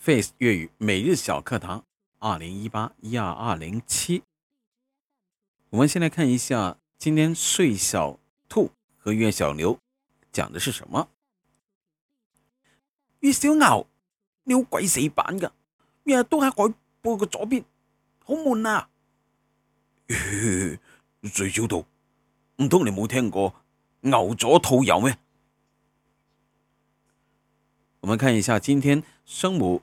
Face 粵語每日小課堂二零一八一二二零七，我們先來看一下今天穗小兔和粵小牛講的是什麼。粵小牛，你好鬼死板噶，日日都喺海報嘅左邊，好悶啊！咦， 穗小兔，唔通你冇聽過牛左兔右咩？我們看一下今天聲母。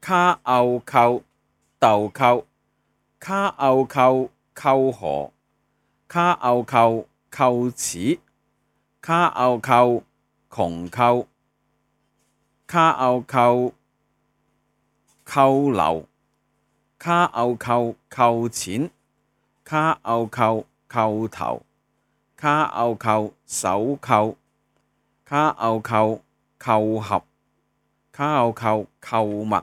卡澳扣豆蔻，卡澳扣滱河，卡澳扣筘齒，卡澳扣窮寇，扣，卡澳扣佝僂，卡澳扣扣錢，卡澳扣叩頭，卡澳扣手銬，卡澳扣媾合，卡澳扣購物。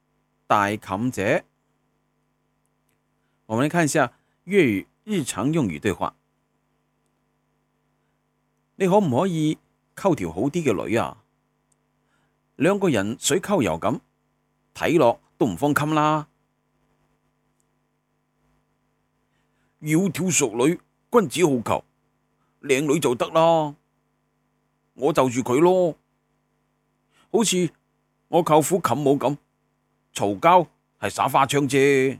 大妗姐，我們來看一下粵語日常用語對話。你可唔可以溝條好啲嘅女啊？兩個人水溝油咁，睇落都唔方禁啦。窈窕淑女，君子好逑。靚女就得啦，我就住佢咯。好似我舅父妗母咁。嘈交係耍花槍啫。